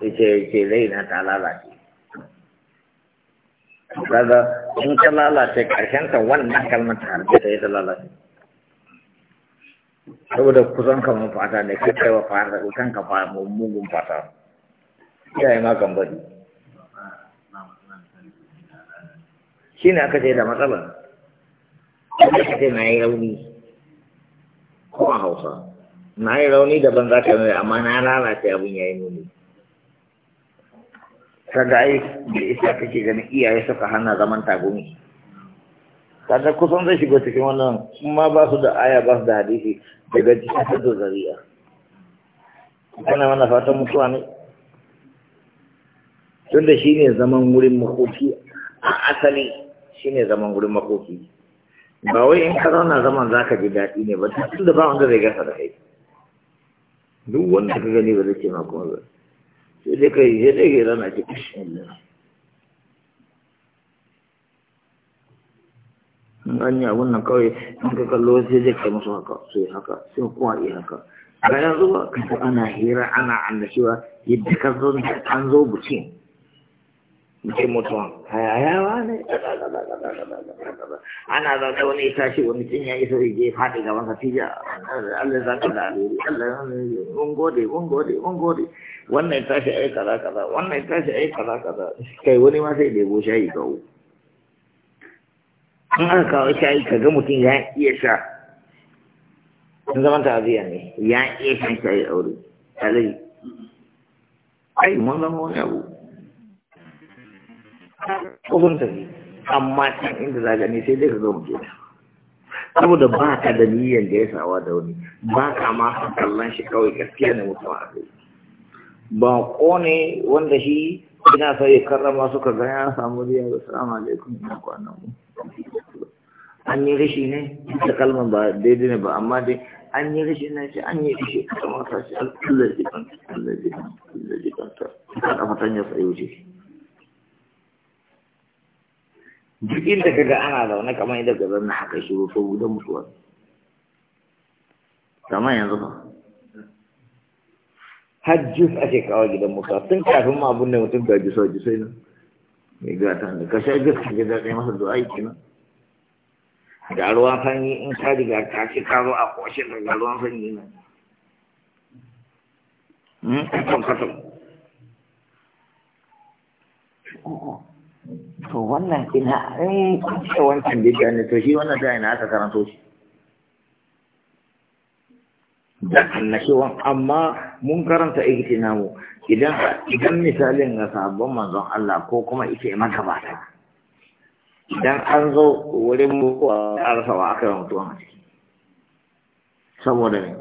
yace ce raina ta lalace kaga in ta lalace karshen ta wannan kalmar ta harbe ta yi ta lalace saboda kusan kamar fata ne ka kai wa fata kusan ka fara mugun fata iyaye ma kan bari shi ne aka ce da matsala wanda ka ce na yi rauni kuma hausa na yi rauni daban za ka mai amma na lalace abin ya yi nuni kaga ai da isa kake ganin iyaye suka hana zaman tagumi kaga kusan zai shiga cikin wannan kuma ba su da aya ba su da hadisi daga cikin sadu zariya kana mana fatan mutuwa ne tun da shine zaman wurin makoki a asali ne zaman wurin makoki ba wai in ka zauna zaman za ka ji daɗi ne ba tun da ba wanda zai gasa da kai duk wanda ka gani ba zai ce makon zai sai dai kai sai dai kai rana ce in an yi abun nan kawai in ka kallo sai zai kai musu haka sai haka sai kuma yi haka ga yanzu ba kasu ana hira ana annashiwa yadda ka zo an zo bucin muke mutuwa hayayawa ne ana da wani tashi wani cin ya iso je faɗi gaban katija Allah zaka da alheri Allah mun gode mun gode mun gode wannan tashi ai kaza kaza wannan tashi ai kaza kaza kai wani ma sai da gosha yi gawo an aka kawo shayi ka ga mutum ya iya sha in zaman ta'aziyya ne ya iya shan shayi aure alai ai mun zama wani abu tsohon ne amma can inda za gani sai dai ka zo mutum saboda ba ka da niyyar da ya sawa da wani ba ka ma kallon shi kawai gaskiya ne mutum a kai ba ne wanda shi ina so ya karrama suka ga ya samu riya da salamu alaikum ina kwanan mu an yi rashi ne da kalmar ba daidai ne ba amma dai an yi rashi ne shi an yi rashi kamar shi allah jikanta allah jikanta allah jikanta ta kafa tanyar tsaye wuce duk inda kaga ana zaune kamar inda ka zanna haka shiru saboda mutuwa kamar yanzu ba hajji a ake gidan musa tun kafin ma abun da mutum ga jisa jisai nan mai gata da ka sha jus ga daɗe masa zuwa aiki na. ga ruwan sanyi in ka riga ka ce ka zo a da ga ruwan sanyi nan Mm, katon to wannan ina in eh, ce wancan bidiya ne to shi wannan da ina aka karanto shi da annashewan amma mun karanta namu idan idan misalin ga sabon manzon Allah ko kuma ice ta idan an zo wurin mu arsawa aka yi mutuwa a ciki saboda ne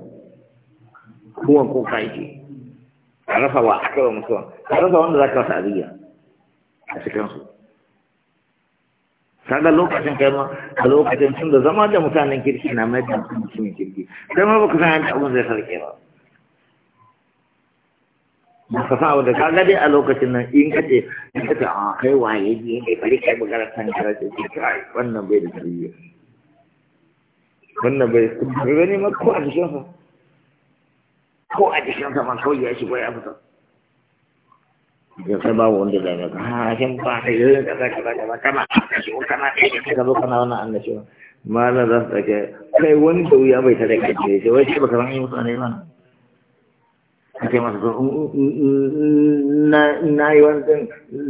kuwa ko kaiki arsawa aka yi mutuwan arsa wanda za ka wasa a a cikinsu kaga lokacin kai ma a lokacin tun da zama da mutanen kirki na mai da mutumin kirki sai ma baka san yadda abin zai sarke ba ba ka san abu da kaga dai a lokacin nan in ka ce in ka ce a ah, kai waye ne ne bari kai magana kan kira ce ce kai wannan bai da tarbiyya wannan bai gani ma ko a jikinsa ko a jikinsa ma kawai ya shigo ya fita sai babu wanda zai maka ha shin ba ta yi kaza kaza kaza kana annashi kana kai ka zo kana wannan annashi malam za su ɗauke kai wani da wuya bai ta da ce sai wai sai baka san yi musu ne ba ka ce masa to na yi wani ɗin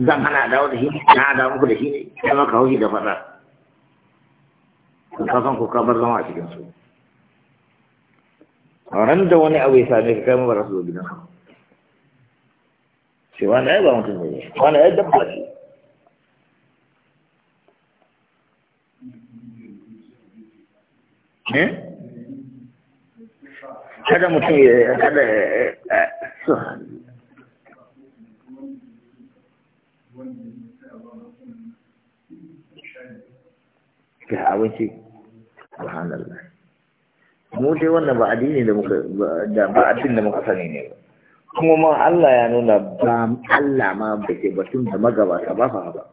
zan hana dawo da shi na da muku da shi ne sai maka haushi da faɗa ka san ko ka bar zama a cikin su ran da wani abu ya same ka kai mu ba za su zo gidan ce wani ya ba mutum ne wani ya dabba ce eh? kada mutum ya kada eh, su ga mu dai da muka da muka sani ne ya kuma ma Allah ya nuna ba Allah ma ba ke batun da magabata ba fa ba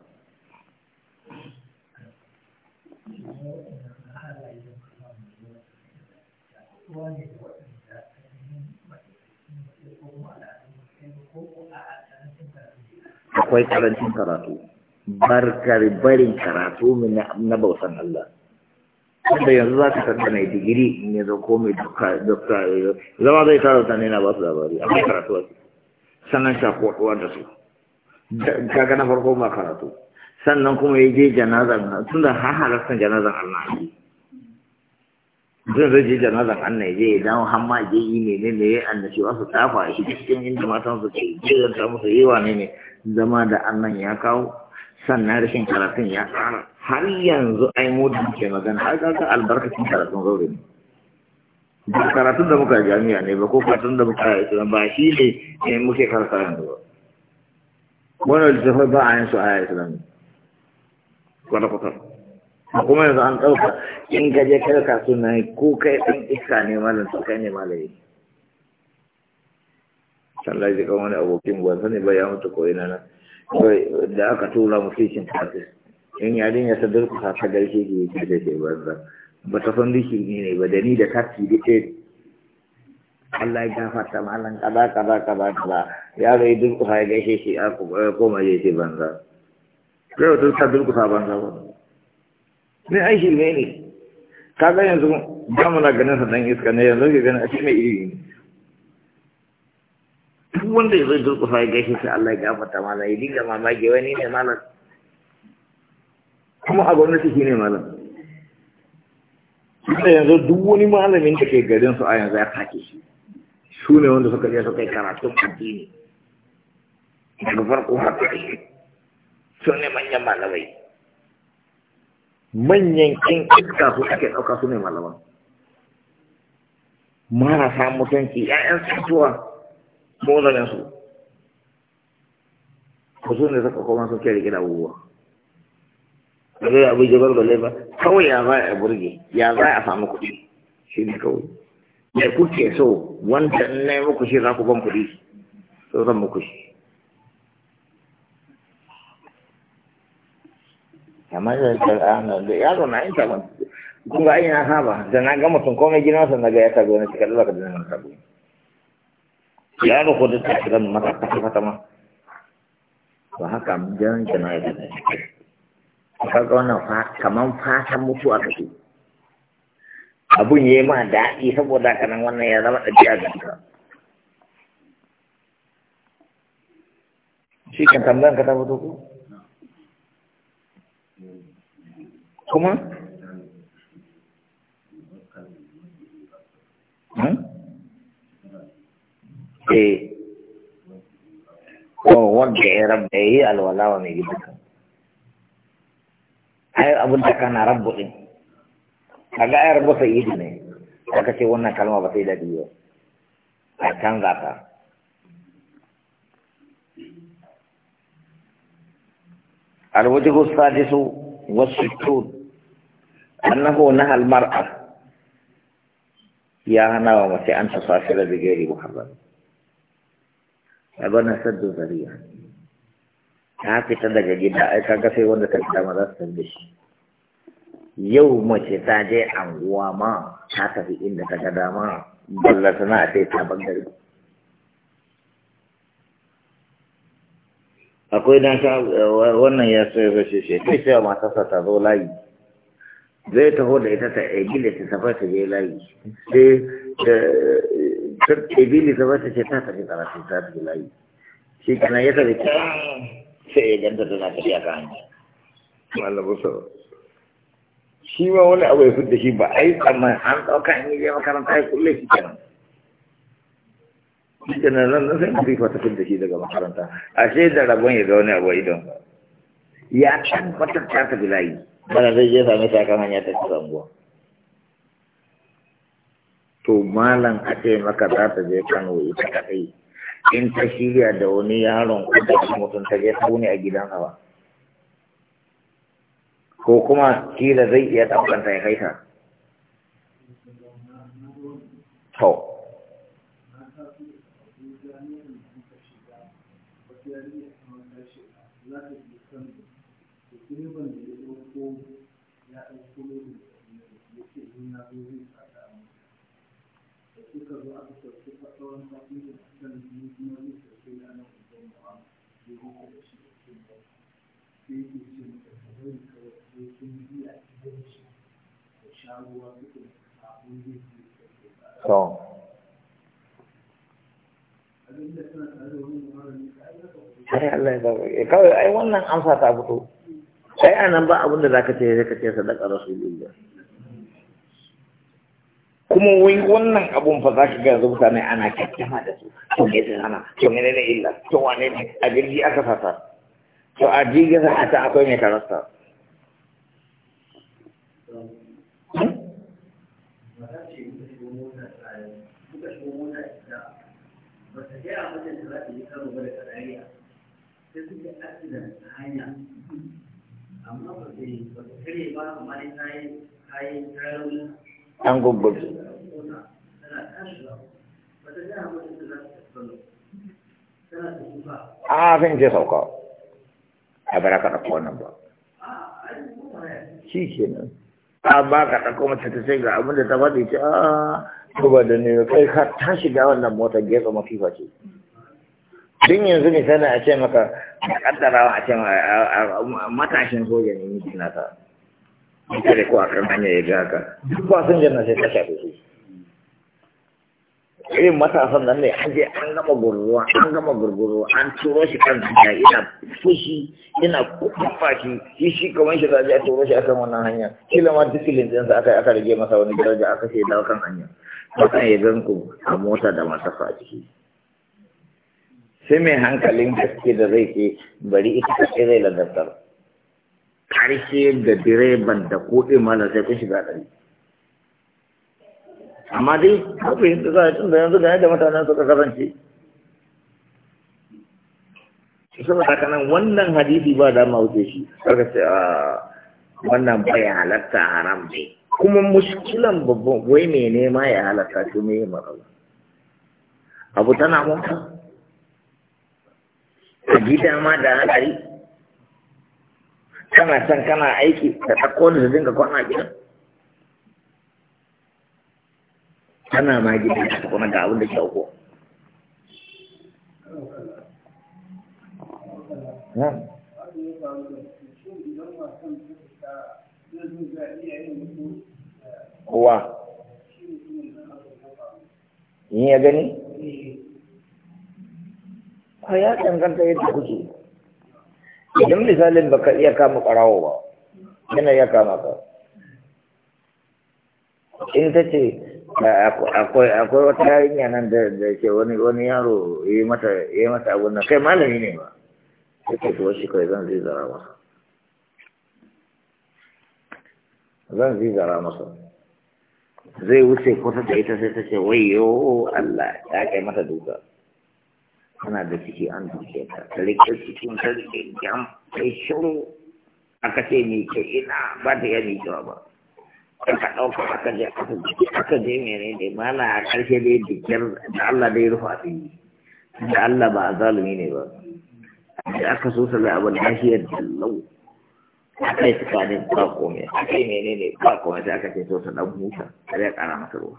akwai karancin karatu barkar barin karatu na bautan Allah wanda yanzu za ka tattara mai digiri in yanzu ko mai dokta zama zai tara da nena ba su labari Amma karatu a sannan shafuwa da su kaga na farko ba karatu sannan kuma ya je janazan tun da har halastan janazan allah ne zai zai je janazan allah ya je ya dawo har ma je yi ne ne ne ya annashewa su tafa shi cikin inda matan su ke je zanta musu yi wane ne zama da allah ya kawo sannan rashin karatun ya tsara. har yanzu ai mu ke magana har ga albarkacin karatun zaure ne ba karatun da muka jami'a ne ba ko karatun da muka yi ba shi ne muke karatun yanzu ba wannan littafai ba a yin su a yi islami kwata-kwata kuma yanzu an ɗauka in ka je kai kasuwa ko kai ɗan iska ne malam su kai ne malayi sallah ji kan wani abokin gwansa ne ba ya mutu ko ina nan da aka tura mu cikin tafi in yarin ya ta durkusa ta gaishe ke yake da ke banza ba ta san dishi ne ne ba da ni da tafi da ke Allah ya gafarta malan kaza kaza kaza kaza ga ya ku ya gaishe shi a koma ya ce banza kai wata ta durkusa banza ba ne ai shi ne ne kaga yanzu ba mu na ganin sa dan iska ne yanzu ke ganin a cikin mai iri ne wanda ya zai durkufa ya gaishe shi Allah ya gafarta mana ya dinga mamaki wani ne malam kuma a gwamnati shi ne malam ne yanzu duk wani malamin da ke garin su a yanzu ya kake shi su ne wanda suka je suka yi karatun addini daga farko har ƙarshe su ne manyan malamai manyan kin iska su ake ɗauka su ne malaman marasa mutunci 'ya'yan satuwa bolanin su ba su ne suka koma suke rike da abubuwa ba zai abu jabar ba ba kawai ya za a burge ya za a samu kuɗi shi ne kawai mai kuke so wanda in na yi muku shi za ku ban kuɗi so zan muku shi amma da tsarana da yaro na yin sabon kun ga ainihin saba da na ga mutum komai gidansa na ga ya sabo na cikin lalaka da na sabo ya ga da ta shiga ta kasa mata ma ba haka jan jana ya gane kaga wannan fa kaman fatan mutuwa kake abun yayi ma daɗi saboda kanan wannan ya zama ɗabi'a ga ka shi kan tambayan ka ta fito ko kuma Hmm? eh ko wanda ya rabda yi alwala wa mai gidanka ai abin da kana rabbu din kaga ai rabbu yi ce wannan kalma ba sai a canza ta الوجه السادس والستون أنه نهى المرأة يا هنا ومتي أنت صافرة بغير محرم a gwanin saddu zariya ta fita daga gida ai ga sai wanda ta fita maza su da shi yau mace ta je anguwa ma ta tafi inda ta ga dama balla sana ta ta bangare akwai dan sha wannan ya so ya shi shi sai mata sa ta zo layi zai taho da ita ta eh, gile ta safa ta je layi sai eh, ta ɗabi littafi ta ce ta tafi karatu ta tafi layi shi kana ya tafi ta sai ya ganta tana tafiya ta hanya malamu sau shi ma wani abu ya fidda shi ba ai amma an ɗauka in yi makaranta ya kulle shi kenan shi kenan nan nan sai masifa ta fidda shi daga makaranta ashe da rabon ya ga wani abu a idon ya tabbatar ta tafi layi bana zai je same ta kan hanya ta ci zanguwa to malam a ce maka za ta je kano ita kaɗai in ta shirya da wani yaron kudin mutum ta je ta wuni a gidansa ba ko kuma kila zai iya ɗaukanta ya kai ta to Thank you. suka zo aka sauke a kawai Ai ya eh, Kawai ai wannan amsa ta fito. Sai anan ba abin da za ka ce sai ka ce sadaka rasulullah. kuma wai wannan abun fa zaka ga yanzu mutane ana kyakkyama da su to me zai hana to me ne illa to wane ne a jirgi aka sata, to a jirgin a ta akwai mai karasta hmm? amma ba sai ba ta kare ba amma dai ta yi ta yi an guggudu a zan je sauka a bara ka ɗauko wannan ba shi ke nan a ba ka ɗauko mace ta sai ga abinda ta faɗi ce a to da ne kai ka ta shiga wannan motar gefe mafi ce tun yanzu misali a ce maka a ƙaddarawa a ce matashin soja ne miji ta. in kare ko a kan hanya ya ga haka duk fasinjan na sai ta shafe su irin matasan nan ne an je an gama gurguruwa, an gama gurguruwa an turo shi kan hanya ina fushi ina kufa shi shi shi kamar shi zaje a turo shi akan wannan hanya kila ma dukkan din sa aka aka rage masa wani daraja aka sai dawo kan hanya kan ya gan ku a mota da matasa a ciki sai mai hankalin gaske da zai ce bari ita ka kaɗai zai ladabtar karshe da direban da kuɗi mana sai kun shiga ɗari amma dai kafin yadda za a cin da yanzu ga yadda mutanen suka kasance Sun haka nan wannan hadisi ba da ma wuce shi karka ce a ah, wannan bai halatta haram ne kuma muskilan babban wai mai nema ya halatta shi ne ya matsala abu tana mun ka. a gida ma da hankali kana can kana aiki da ɗauko da su dinga kwana gidan kana ma gidan ka kuma ga abin da ke auko Wa. Ni ya gani? Ka eh. ya danganta yadda kuke. idan misalin baka iya kama ƙarawo ba yana iya kama ka in ta ce akwai akwai wata yarinya nan da da ke wani wani yaro yi mata yi mata abun nan kai malami ne ba take to shi kai zan zai zara masa zan zai zara masa zai wuce kusa da ita sai ta ce wayyo Allah ya kai mata duka kana da ciki an duke ka ta rike cikin ta jam kai shiru aka ce ni ke ina ba ta iya miƙewa ba aka ɗauka aka je aka je mene ne mala a ƙarshe dai dikiyar da Allah dai rufa asiri da Allah ba a zalumi ne ba da aka so sa da shi lafiyar dallau aka yi tsakanin ba komai aka yi mene ne ba komai sai aka ce so sa ɗan a kare ƙara masa ruwa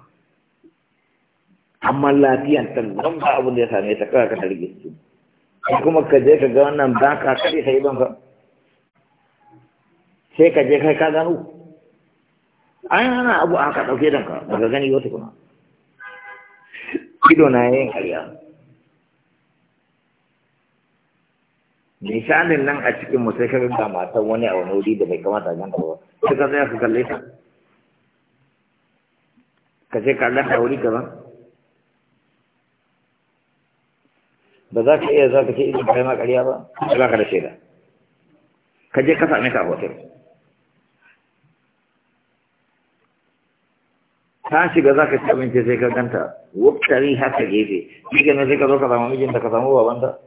amma lafiyan ta don ba abin da ya same ta kawai ka targe su kuma ka je ka ga wannan ba ka kare sai ban ka sai ka je kai ka gano an ana abu a ka ɗauke danka ba ka gani wata kuma ido na yin karya misalin nan a cikin mu sai ka ga matan wani a wani wuri da bai kamata gan ta ba sai ka tsaya ka kalle ka ka je ka ganta wuri kaza ba za ka iya za ka ce idan kai ma ƙarya ba ba ka da shaida ka je ka same ka a hotel ta shiga za ka ci abinci sai ka ganta wuktari haka gefe shi ke sai ka zo ka samu mijinta ka samu babanta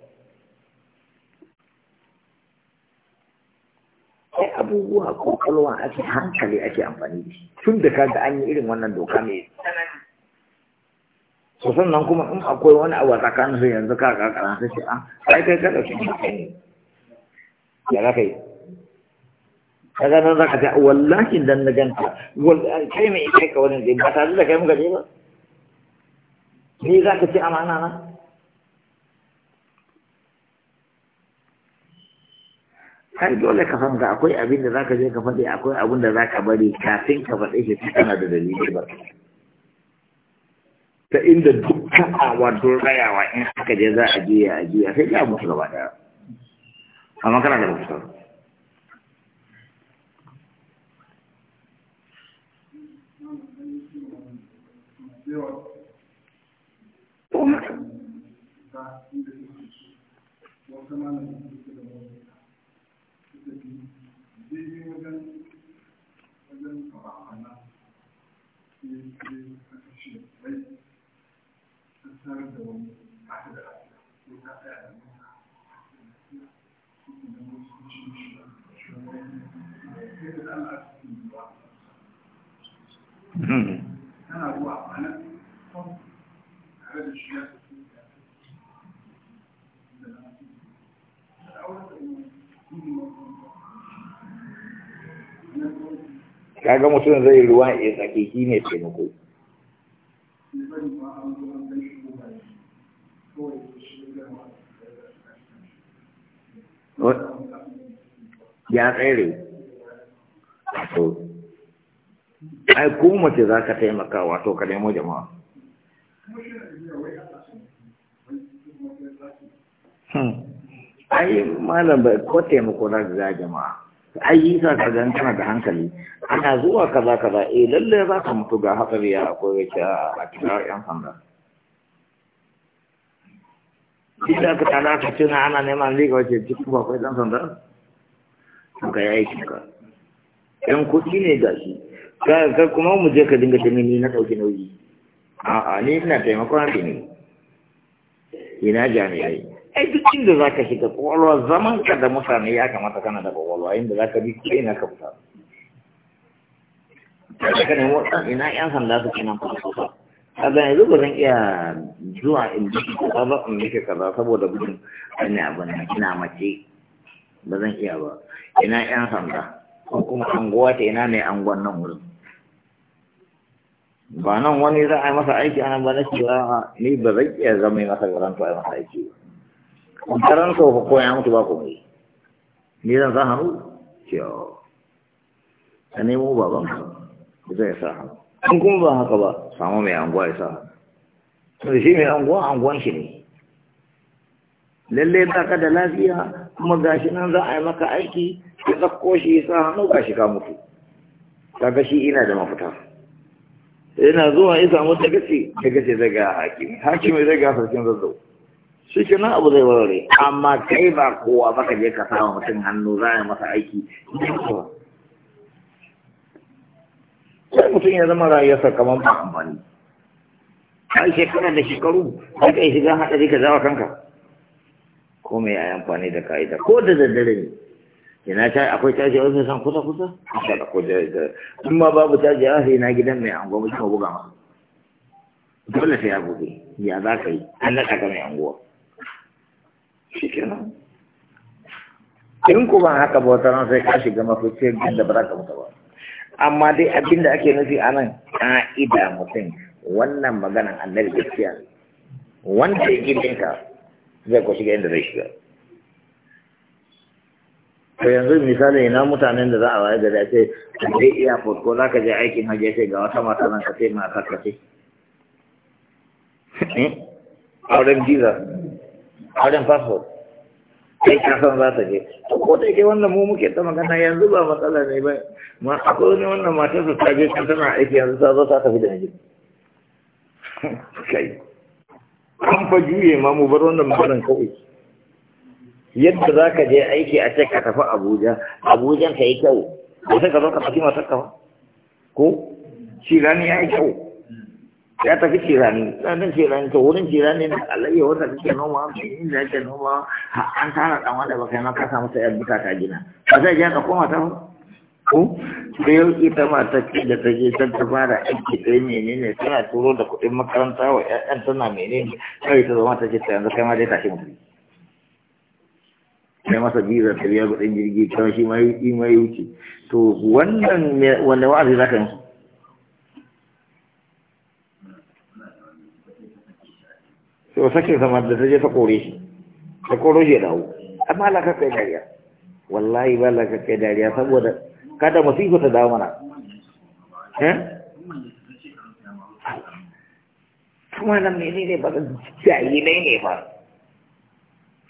sai abubuwa ko kalwa ake hankali ake amfani da shi tun da ka da an yi irin wannan doka mai tsanani sosan nan kuma in akwai wani abu a tsakanin su yanzu ka kakara sai ce a ah, kai kai kada shi ne ya ga kai kaga nan za ce wallahi dan na ganta kai mai kai ka wani zai ba tare da kai mun je ba ni zaka ce amana na kai dole ka san akwai abin da za je ka faɗi akwai abin da za ka bari kafin ka faɗi shi kana da dalili ba ta inda dukkan awadun rayawa in haka je za a jiya a jiya sai ya mutu gaba daya amma kana da mutu Oh, Ka hmm. ga kaga mutum zai ruwa ya tsaki shi ne ya tsere to ai ko mace za ka taimaka wato ka nemo jama'a hmm. ai malam bai ko taimako za ka jama'a ai yi sa ka gan kana da hankali ana zuwa kaza kaza eh lalle za ka mutu ga hatsari ya akwai wace a kira yan sanda da ka tada ka tuna ana neman liga wace cikin bakwai 'yan sanda? Ka yi ka ‘Yan kuɗi ne ga shi, ka kuma mu je ka dinga tunani ni na dauki nauyi a'a ni ina taimakon haɗi ne ina jami'ai ai duk inda za ka shiga ƙwaƙwalwa zaman ka da mutane ya kamata kana da ƙwaƙwalwa inda za ka bi ko ina ka fita kada ka nemo ina 'yan sanda su kenan kuma su ba kaga yanzu ba zan iya zuwa in bi ku ba in bi kaza saboda gudun wani abin na ina mace ba zan iya ba ina 'yan sanda ko kuma anguwa ta ina ne anguwan nan wurin ba nan wani za a yi masa aiki ana ba na cewa ni ba zai iya zama masa masa to a yi masa aiki ba garanto ko ko ya mutu ba mai. ni zan sa hannu cewa ka nemo ba ku zai sa hannu in kuma ba haka ba samu mai anguwa ya sa hannu shi mai anguwa anguwan shi ne lallai ba ka da lafiya kuma gashi nan za a yi maka aiki ka ɗauko shi ya sa hannu gashi ka mutu kaga shi ina da mafita yana zuwa ya samu tagaci ta zai daga hakimi hakimi zai ga sarkin zazzau shi ke nan abu zai warware amma kai ba kowa ba ka je ka sa mutum hannu za a masa aiki sai mutum ya zama rayuwarsa kamar ba amfani ai shekara da shekaru ka yi shiga haɗari ka zawa kanka ko a yi amfani da ka'ida ko da daddare ne ina ta akwai taji a wajen san kusa kusa kusa da kusa da in ma babu taji a sai na gidan mai anguwa kuma buga ma? dole sai ya buɗe ya za ka yi an naɗa ga mai anguwa shi kenan in ku ban haka ba wata sai ka shiga mafice da ba za ka mutu ba amma dai abin da ake nufi a nan mutum wannan maganan annabi gaskiya wanda ya gidanka zai ko shiga inda zai shiga to yanzu misali ina mutanen da za a waye gari a ce je iya ko za ka je aikin hajji sai ga wata mata nan ka ce mata ka ce hmm? auren visa auren passport kai ka san za ta je ko da ke wannan mu muke ta magana yanzu ba matsala ne ba ma akwai wani wannan matar su ta je can tana aiki yanzu ta zo ta tafi da hajji kai an fa juye ma mu bar wannan maganar kawai yadda za ka je aiki a ce ka tafi abuja abujan ka yi kyau ko sai ka zo ka tafi masu ba ko cirani ya yi kyau ya tafi cirani ɗanin cirani ta wurin cirani na alayya wata kake noma inda yake noma an tara ɗan wanda baka yi kasa masa yan buta ta gina ba zai ja ka koma ta ko da yau ita ma ta ce da ta je ta ta fara aiki ta yi menene tana turo da kuɗin makaranta wa 'ya'yan tana menene kawai ta zama ta ce ta yanzu kai ma dai tashi mutum ya masa biza ta biya kudin jirgi kawai shi ma ya wuce to wannan wanda wa'azi za ka yi to sake zama da ta je ta kore shi ta kore shi ya dawo amma ka kai dariya wallahi ba ka kai dariya saboda kada masifa ta dawo mana kuma eh? nan ne ne ba da jayi ne ne ba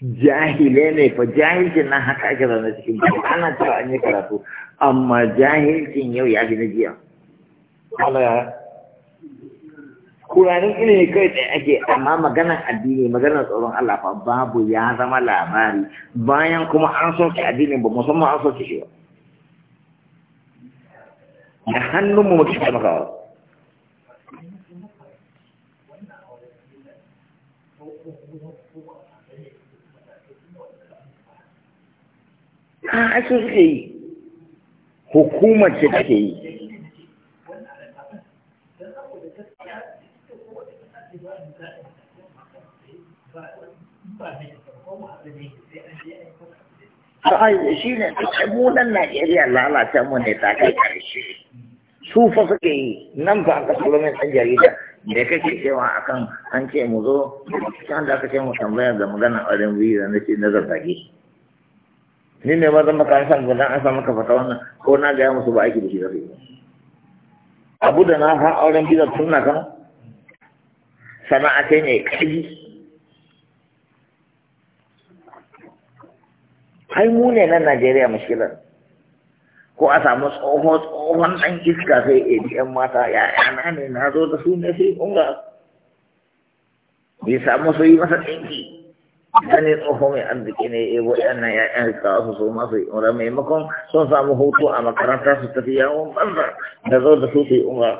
jahile ne fa jahilcin nan haka ake zaune cikin ba ana cewa an yi karatu amma jahilcin yau ya fi na jiya kuranin ilimi kai tsaye ake amma maganar addini maganar tsoron Allah fa babu ya zama labari bayan kuma an soke addini ba musamman an soke shi ba da hannunmu muke taimakawa a suke yi hukumar ce take yi shi ne mu Najeriya lalata mu ne ta kai Su fa suke yi nan a aka salomin ɗan jarida me kake cewa akan an ce mu zo can da aka ce mu tambaya da magana auren biyu na ce na zazzage ni ne ma zan maka an san gudan an san maka fata wannan ko na gaya musu ba aiki da shi da su abu da na a auren biyu tun na kan sana'a ne kai ai mu ne nan Najeriya mashkilar ko a samu tsoho tsohon ɗan iska sai ya ji ‘yan mata ‘ya'yana ne na zo da su ne sai kunga bai samu su yi masa ɗinki ne tsoho mai arziki ne ya eh, bo? ‘yan nan ‘ya'yan iska su so masu yi umra maimakon sun samu hutu a makaranta su tafi yawon banza da zo da su su yi umra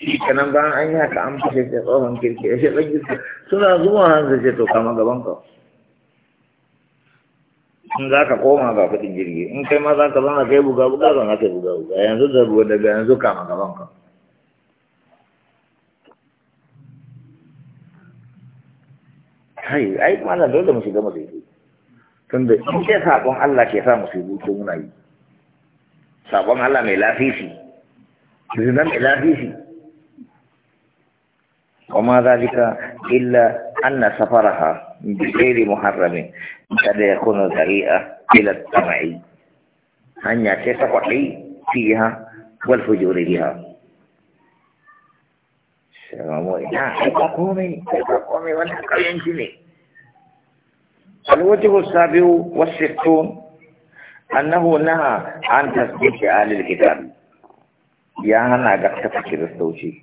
shi bayan an yi haka an fashe tsohon kirki ya shi ɗan iska suna zuwa hanzu ce to kama gaban ka. in za ka koma ga kudin jirgi in kai ma za ka zana kai buga buga zana kai buga buga yanzu da ruwa daga yanzu kama gaban ka kai ai mana dole mu shiga musibu tunda in ce sabon Allah ke sa musibu ko muna yi sabon Allah mai lafifi zina mai lafifi Kuma ma zalika illa anna safaraha بغير محرم قد يكون ذريئة إلى الطمع أن يتسقحي فيها والفجور بها سلام عليكم تقومي تقومي ولا ينجني الوجه السابع والستون أنه نهى عن تسبيح أهل الكتاب يا هنا قد تفكر التوجيه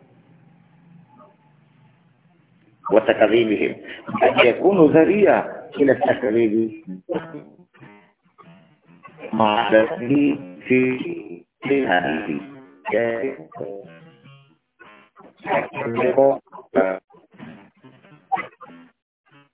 وتكذيبهم قد يكون ذريعة إلى التكذيب مع ذلك في هذه الحديث